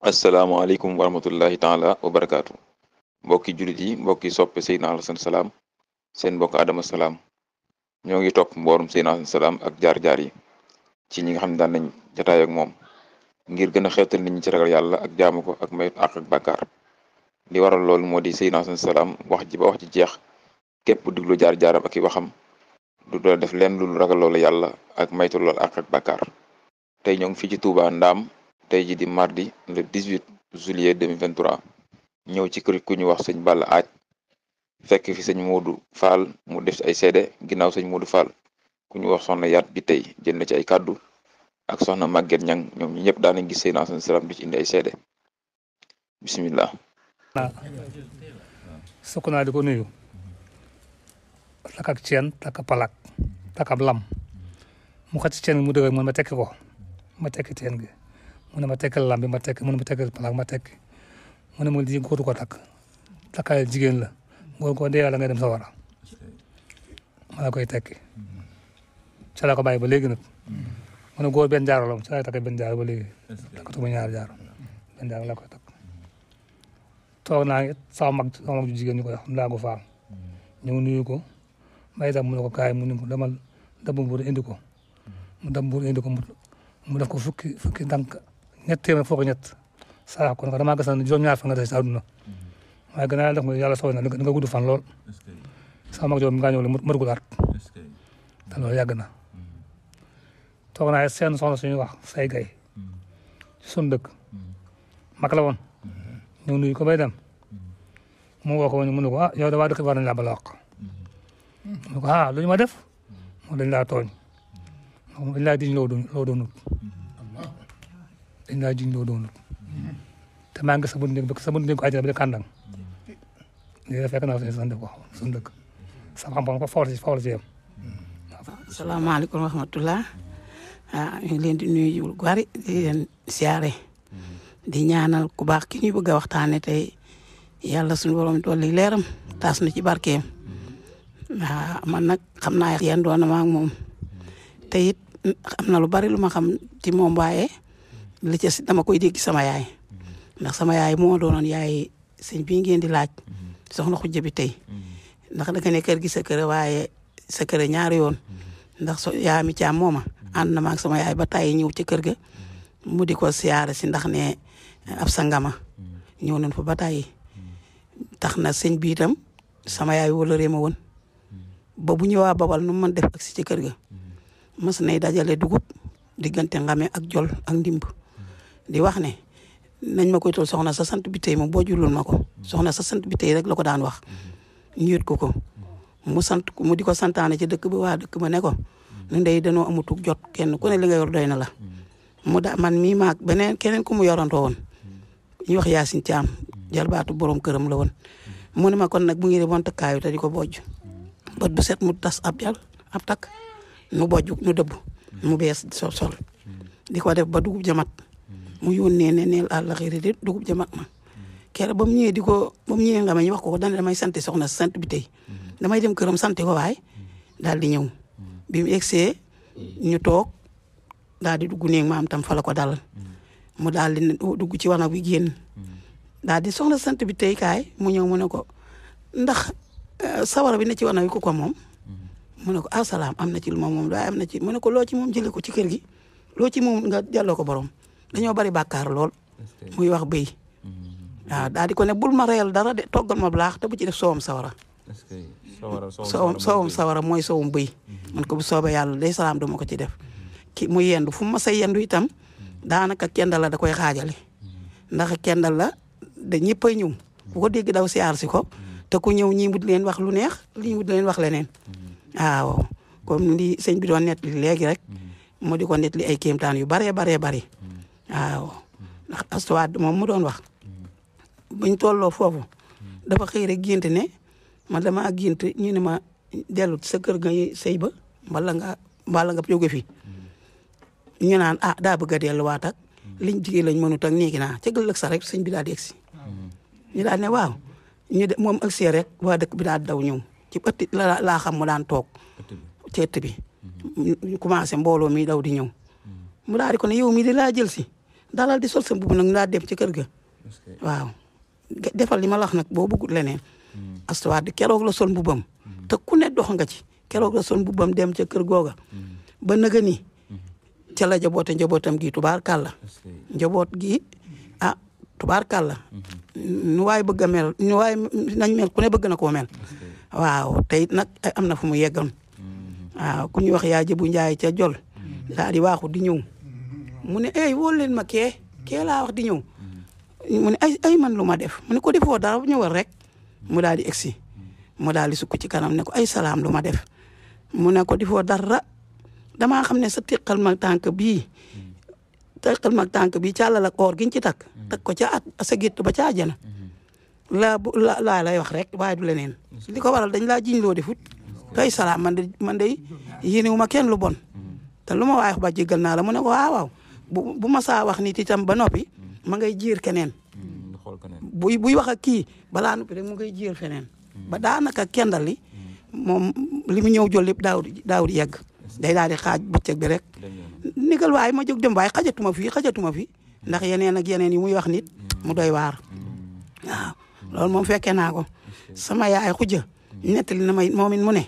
Assalamualaikum warahmatullahi taala wabarakatuh. barakaatu mbokki jullit yi mbokki soppe Seydina Alassane Salam sen mbokk adam Salam ñoo ngi topp sayyidna Seydina Alassane Salam ak jaar-jaar yi ci ñi nga xam dañ daan nañ jataay ak mom ngir gëna a nit ñi ci ragal yalla ak jaamu ko ak mayut ak ak bakkar li waral lool modi di Seydina Alassane Salam wax ji ba wax ji jeex kep duglu jaar jaar ak waxam du do def len lu ragal lool yalla ak maytu lool ak ak bakkar tay ñong fi ci Touba ndam tey ji di mardi le 18 juillet 2023 ñëw ci kër ku ñu wax sëñ Balla Aaj fekk fi sëñ Modou Fall mu def ci ay seede ginnaaw sëñ Modou Fall ku ñu wax soxna yaat bi tey jël na ci ay kàddu ak soxna Maguette Niang ñoom ñëpp daan nañ gis seen asan salaam di ci indi ay seede bisimilah. sukk naa di ko nuyu takk ak ceen takk palak takk lam mu xëcc ceen mu dëgër man a tekki ko ma tekki ceen gi. mune ma tekkal lambi ma tekk mune ma tekkal palaak ma tekk mu di góor ko takk takkaay ya jigéen la góor ko dee yàlla nga dem sawara ma la koy tekki ca la ko bàyyi ba léegi nag mu ne góor benn jaar la ca laay takk benn jaar ba léegi takkatuma ñaar jaar benn jaar la koy takk toog naa sama mag sama mag ju jigéen ñu koy xam laa ko faam ñu nuyu ko may tam mu ne ko kaay mu ne ko demal dabu mbur indi ko mu indi ko mu def ko fukki fukki ñett téeméer foo ko ñett saa kon damaa gis ne juróom-ñaar fan nga des na àdduna waaye gën a def mooy yàlla sooy na da nga gudd fan lool sama mag joom nga ñëw la mërgul at te loolu yàgg na toog naa seen soxna suñuy wax say gay sun dëkk mag la woon ñu nuyu ko bay dem mu woo ko woon mu ne ko ah yow da waa dëkk war nañ laa bala wax mu ne ko ah lu ñu ma def mu dañ laa tooñ dañ laa diñ loo doon loo doonut dañ laa jiñ loo doonut te ma nga sa bunde ko sa bunde ko àjjana ba kandang ni lii fek na fa sande ko sun dëkk sa xam bon ko fawal si fawal assalamu alaykum salaamaaleykum wa rahmatulah ah ñu leen di nuyu bu bari di leen ziaré di ñaanal ku baax ki ñu bëgg waxtane tay yalla yàlla suñu borom tolli leeram taas na ci barké ah man nak xamna yeen yan na ma ak mom te it am lu bari lu ma xam ci mom baye li ci dama koy dégg sama yaay ndax sama yaay moo doonoon yaay sëñ bi ngeen di laaj soxna xujja bi tey ndax da nga ne kër gi sa kër waaye sa kër ñaari yoon ndax so yaa mi caam mooma ànd na maag sama yaay ba tàyyi ñëw ci kër ga mu di ko siyaare si ndax ne ab sangama ñëw nañ fa ba tàyyi tax na sëñ bi itam sama yaay wóolëree ma woon ba bu ñëwaa babal nu man def ak si ci kër ga mas nay dajale dugub diggante ngame ak jol ak ndimb di wax ne nañ ma koy tool soxna sa sant bi tey moom boo julul ma ko soxna sa sant bi tey rek la ko daan wax ñu yët ko ko mu sant mu di ko santaane ci dëkk ba waa dëkk ba ne ko nu ndey danoo amutug jot kenn ku ne li nga yor doy na la mu da man mii maag beneen keneen ku mu yorantoo woon ñu wax Yaasin Caam jalbaatu borom këram la woon mu ne ma kon nag bu ngi demoon takkaayu te di ko bojj bët bu set mu tas ab jal ab takk nu boj nu dëbb mu bees sol ko def ba dugub jamat mu yónnee ne neel àll xëy de dugub ja ma kere ba mu ñëwee di ko ba mu ñëwee nga ma ñu wax ko ko daan damay sant soxna sant bi tey damay dem këram sant ko waay daal di ñëw bi mu egsee ñu toog daal di dugg néeg maam tam fa la ko dal mu daal di dugg ci wanag bi génn daal di soxna sant bi tey kaay mu ñëw mu ne ko ndax eh, sawara bi ne ci wanag bi ku ko moom. mu ne ko asalaam ah, am na ci lu ma moom am na ci mu ne ko loo ci moom jëlee ko ci kër gi loo ci moom nga jàlloo ko borom. dañoo bari bàkkaar lool muy wax béy mm-hmm. waaw daal di ko ne bul ma reyal dara de toggal ma blaax te bu ci def soowam sawara soowam sawara mooy soowam béy mm-hmm. man ko bu soobee yàlla day salaam duma ko ci def mm-hmm. ki mu yendu fu mu masa yendu itam daanaka kendal la da koy xaajale ndax kendal la da ñëpp a ñëw bu ko dégg daw si si ko te ku ñëw ñii wut leen wax lu neex lii wut leen wax leneen ah, waaw comme li sëñ bi doon nett li léegi rek mu di ko nett li ay kéemtaan yu baree baree bari waaw ndax astuwaat moom mu doon wax buñ tolloo foofu dafa xëy rek gént ne man dama gént ñu ne ma dellu sa kër nga sëy ba mbala nga mbala nga jóge fi ñu naan ah daa bëgg a delluwaat ak liñ jigéen lañ mënut ak néegi naa ca gëllëg sax rek sëñ bi daal si egsi ñu daal ne waaw ñu de moom egsi rek waa dëkk bi daal daw ñëw ci ëtt la laa xam mu daan toog ci bi ñu commencé mbooloo mii daw di ñëw mu ko ne yow mi di laa jël dalal di sol sa mbubb nag ñu daal dem ci kër ga. waaw defal li ma nag boo bëggul leneen. Hmm. astuwaat di keroog la sol mbubbam. Hmm. te ku ne dox nga ci keroog la sol mbubbam dem ca kër googa. Hmm. ba naga ni ca la jaboote njabootam gi tubaar kàlla. njaboot gi ah tubaar kàlla. nu waay bëgg a mel ne bëgg na koo mel. waaw te it nag eh, am na fu mu yeggal. waaw ku ñuy wax yaa jëbu njaay ca jol daal di di ñëw. mu ne ey wol len ma ke ke la wax di ñew mu ay ay man luma def mu ne ko defo dara ñëwal rek mu daldi exi muda mu daldi di ci kanam ne ko ay salam luma def mu ne ko defo dara dama xamne ne tekkal mak tank bi tekkal mak tank bi ci càllal ak or giñ ci tak tak ko ci at sa gettu ba ca àjjana la la laa lay wax rek way du lenen li waral dañ la jiñ lo defut tay salam man de man de ma ken lu bon te luma way wax ba jegal na la mu ne ko waaw bu bu sa wax nit itam ba nopi mm. ma ngay jiir mm, keneen buy buy wax ak kii balaa nopi rek mu ngay jir fenen mm. ba daanaka kendal li mom li mu jol yegg day daali xaj bu bëccëg bi rek nigal way ma jog dem way xajatuma fi xajatuma fi ndax yeneen ak yeneen yi muy wax nit mu doy war waaw loolu moom fekkee ko sama yaay xujja netali na ma momin mu ne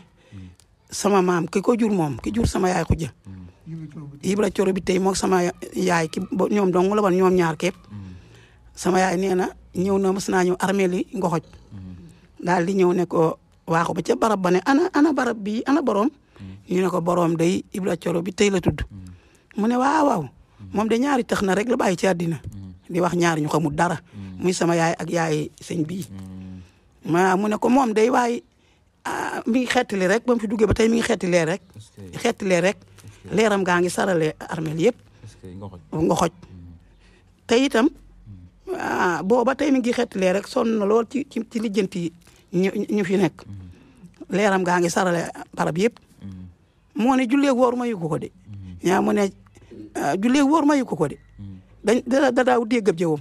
sama mam, kiko ko jur mom ki jur sama yaay xujja Ibra Coro bi tey moog sama yaay ki ñoom dong la woon ñoom ñaar képp sama na ñëw na mas naa ñëw armeel yi daal di ñëw ne ko waaxu ba ca barab ba ne ana barab bi ana borom ñu ne ko borom day Ibra Coro bi tey la tudd mu ne waaw moom de ñaari tax na rek la bàyyi ci àddina di wax ñaar ñu xamul dara muy sama yaay ak yaay sëñ bii ma mu ne ko moom day waaye ah, mi ngi rek ba mu fi duggee ba tey mi ngi rek leeram gaa ngi sarale armel yëpp nga xoj te itam ah, booba tey mi ngi xettalee rek sonn na lool ci ci lijjanti ñu fi nekk leeram gaa ngi sarale barab yëpp moo ne julleeg woor mayu ko ko de ñaa mu ne ah, julleeg woor mayu ko ko de da da daaw déggab jëwam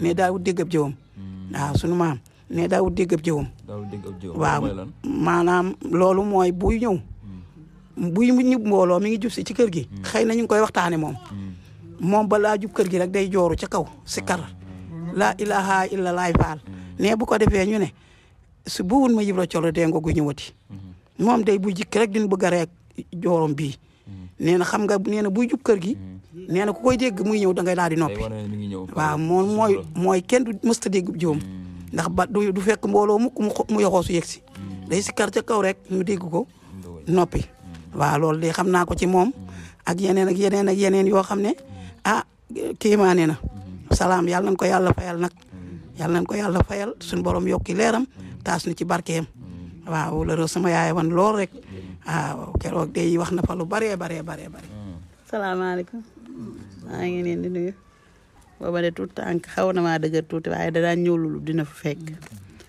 mais daaw déggab jëwam waaw sunu maam ne daawut dégg ab jëwam waaw maanaam loolu mooy bu ñëw buy ñib mbooloo mi ngi jub si ci kër gi. Mm. xëy na ñu ngi koy waxtaanee moom. Mm. moom balaa jub kër gi rek day jooru ca kaw si kar mm. la laa ilaha illa laay faal ne bu ko defee ñu ne su bu wun ma Ibra Colo dee nga gu ñëwati mm-hmm. moom day bu jikk rek din bu gareek reek joorom bii nee na xam nga nee na buy jub kër gi nee na ku koy dégg muy ñëw da ngay daal di noppi waaw moom mooy mooy kenn du mësta dégg joom ndax ba du fekk mbooloo mukk mu yoxoosu yegg si day si kar ca kaw rek ñu dégg ko noppi waaw loolu de xam naa ko ci moom mm-hmm. ak yeneen ak yeneen ak yeneen yoo xam ne mm-hmm. ah kéemaane na mm-hmm. salaam yàlla nañ koy yàlla fayal nag yàlla nañ koy yàlla fayal suñu borom yokki leeram taas nu ci barkeem waaw la sama yaay wan lool rek waaw keroog day wax na fa lu baree baree baree bare salaamaaleykum maa ngi neen di nuyu booba de tout na maa dëgër tuuti waaye da daan ñëw lu dina fu fek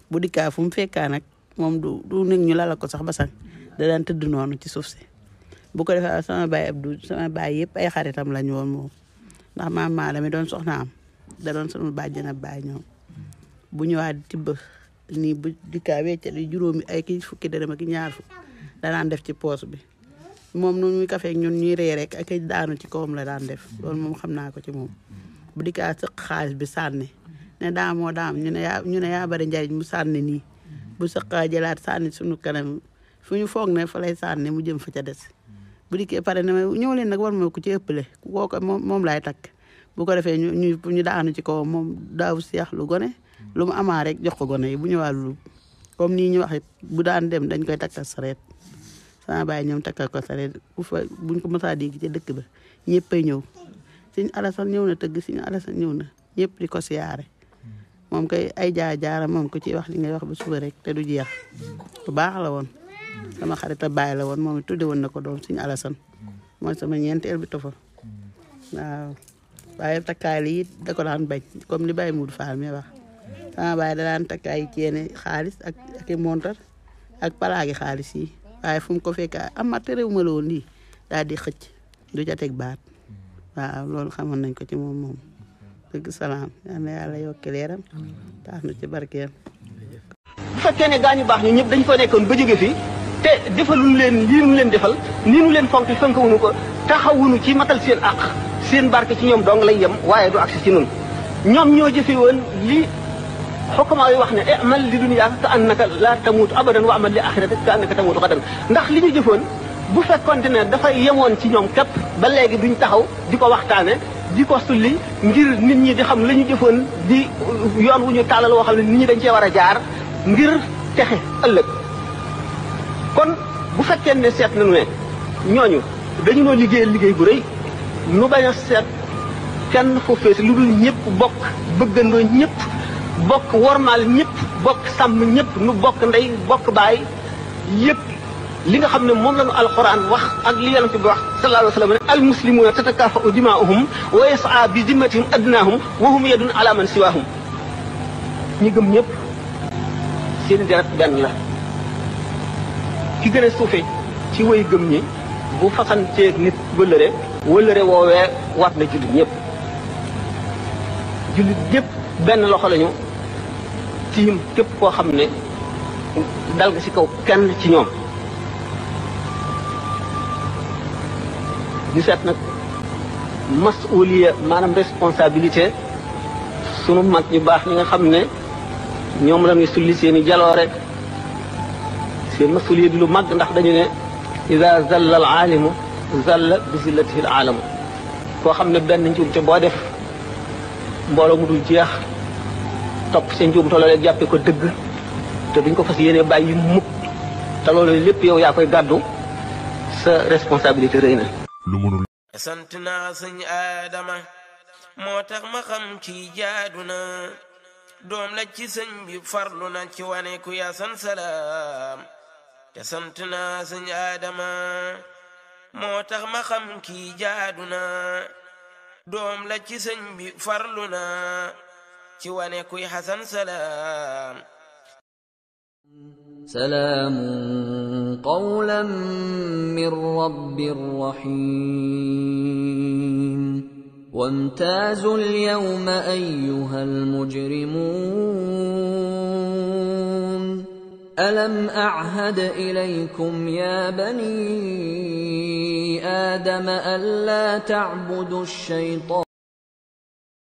bu dikkaa fu mu fekkaa nag moom du du nit ñu lala ko sax ba sax da noonu ci suuf si bu ko defee sama baay Abdou sama baay yëpp ay xaritam la woon moom ndax maam maa mi doon soxnaam da doon sama bàjjen ak baay ñoom bu ñëwaat tibb nii bu dikkaa weccali juróomi ay kii fukki dërëm ki ñaar fukk danaan def ci poos bi moom nu muy kafee ñun ñuy ree rek ak daanu ci kawam la daan def loolu moom xam naa ko ci moom bu dikkaa sëq xaalis bi sànni ne daamoo daam ñu ne yaa ñu ne yaa bari mu sànni nii bu sëqaa jëlaat sànni sunu kanam fu ñu foog ne fa mu jëm fa ca des bu dikkee pare ne ma ñëw leen nag war ma ku ci ëpp le ëppale ko moom moom laay takk bu ko defee ñu ñu ñu daanu ci kaw moom daaw seex lu gone lu mu amaa rek jox ko gone yi bu ñëwaat lu comme nii ñu wax bu daan dem dañ koy takkal sareet sama baay ñoom takkal ko sareet bu buñ ko mësaa dégg ci dëkk ba ñëppay ñëw suñu Alassane ñëw na tëgg suñu Alassane ñëw na ñëpp di ko siyaare moom koy ay jaar jaara moom ko ci wax li ngay wax ba suba rek te du jeex baax la woon. sama xarit a bàyyi la woon moom it tudde woon na ko doom suñu alasan mooy sama ñeenteel bi tofa waaw waaye takkaay li it da ko daan bañ comme li Baye Moudou Fall mi wax sama baay da daan takkaay ceene xaalis ak ak i montar ak palaagi xaalis yi waaye fu mu ko fekk amat réew ma la woon lii di xëcc du ca teg baat waaw loolu xamoon nañ ko ci moom moom dëgg salaam yal na yàlla yokk leeram na ci barkeem bu fekkee ne gaañu baax ñu ñëpp dañ ko nekkoon ba te defalul leen lii nu leen defal nii nu leen fonk fonkawuñu ko taxawuñu ci matal seen àq seen barke ci ñoom dong lay yem waaye du agsi ci nun ñoom ñoo jëfe woon li xukkamaa yi wax ne amal li dunyaa ka annaka laa tamuutu abadan wa amal li axirata ka annaka tamuutu xadan ndax li ñu jëfoon bu fekkonte ne dafay yemoon ci ñoom képp ba léegi duñ taxaw di ko waxtaane di ko sulli ngir nit ñi di xam la ñu jëfoon di yoon wu ñu tàllal woo xam ne nit dañ cee war a jaar ngir texe ëllëg kon bu fekkee ne seet nañu ne ñooñu dañu noo liggéeyal liggéey bu rëy nu bañ a seet kenn foo fees lu dul ñëpp bokk bëggandoo ñëpp bokk wormaal ñëpp bokk sàmm ñëpp nu bokk ndey bokk baay yëpp li nga xam ne moom la ñu alxuraan wax ak li yonent bi wax sallallahu alayhi wa sallam ne al muslimuuna tatakaafa'u dimaa'uhum wa yas'a bi zimmatihim adnaahum wa hum yadun ala man siwaahum ñi gëm ñëpp seen deret benn la ki gën suufee ci way gëm ñi bu fasanteeg nit wëllëre wëllëre woowee war na jullit ñëpp jullit benn loxo lañu tiim képp koo xam ne dal nga ci kaw kenn ci ñoom ñu seet nag masuliya maanaam responsabilité sunu mag ñu baax ñi nga xam ne ñoom la ñuy sulli seeni jaloore seen masuliya di lu mag ndax dañu ne ida zalla al aalimu zalla bi zillatihi aalamu koo xam ne benn njuumte boo def mbooloo mu dul jeex topp sa njuumte loolee jàppe ko dëgg te duñ ko fas yéene bàyyi mukk te loolu lépp yow yaa koy gàddu sa responsabilité rëy na lu mënul moo tax ma xam ci jaadu na doom na ci wane ku yasan salaam تسمتنا سن آدم موتخ مخم كي جادنا دوم لكي سن بفرلنا تواني كوي حسن سلام سلام قولا من رب رحيم وامتاز اليوم أيها المجرمون ألم أعهد إليكم يا بني آدم ألا تعبدوا الشيطان